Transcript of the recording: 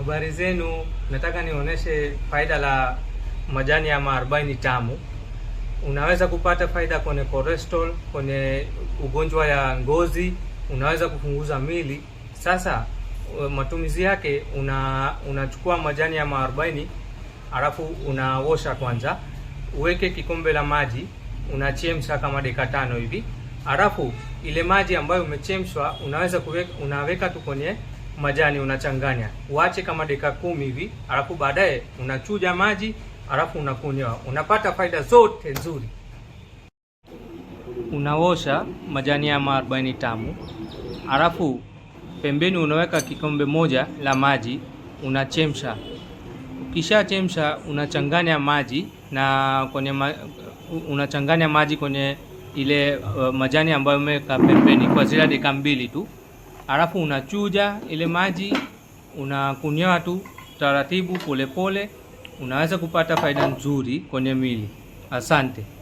Habari zenu, nataka nionyeshe faida la majani ya mwarobaini tamu. Unaweza kupata faida kwenye cholesterol, kwenye ugonjwa ya ngozi, unaweza kupunguza mili. Sasa eh, matumizi yake, una unachukua majani ya mwarobaini alafu unaosha kwanza, uweke kikombe la maji, unachemsha kama dakika tano hivi, alafu ile maji ambayo umechemshwa unaweza kuweka, unaweka tu kwenye majani unachanganya, uache kama dakika kumi hivi, alafu baadaye unachuja maji, alafu unakunywa, unapata faida zote nzuri. Unaosha majani ya mwarobaini tamu, alafu pembeni unaweka kikombe moja la maji, unachemsha. Ukishachemsha unachanganya maji na kwenye ma, unachanganya maji kwenye ile uh, majani ambayo umeweka pembeni kwa zile dakika mbili tu alafu unachuja ile maji, unakunywa tu taratibu, polepole, unaweza kupata faida nzuri kwenye mili. Asante.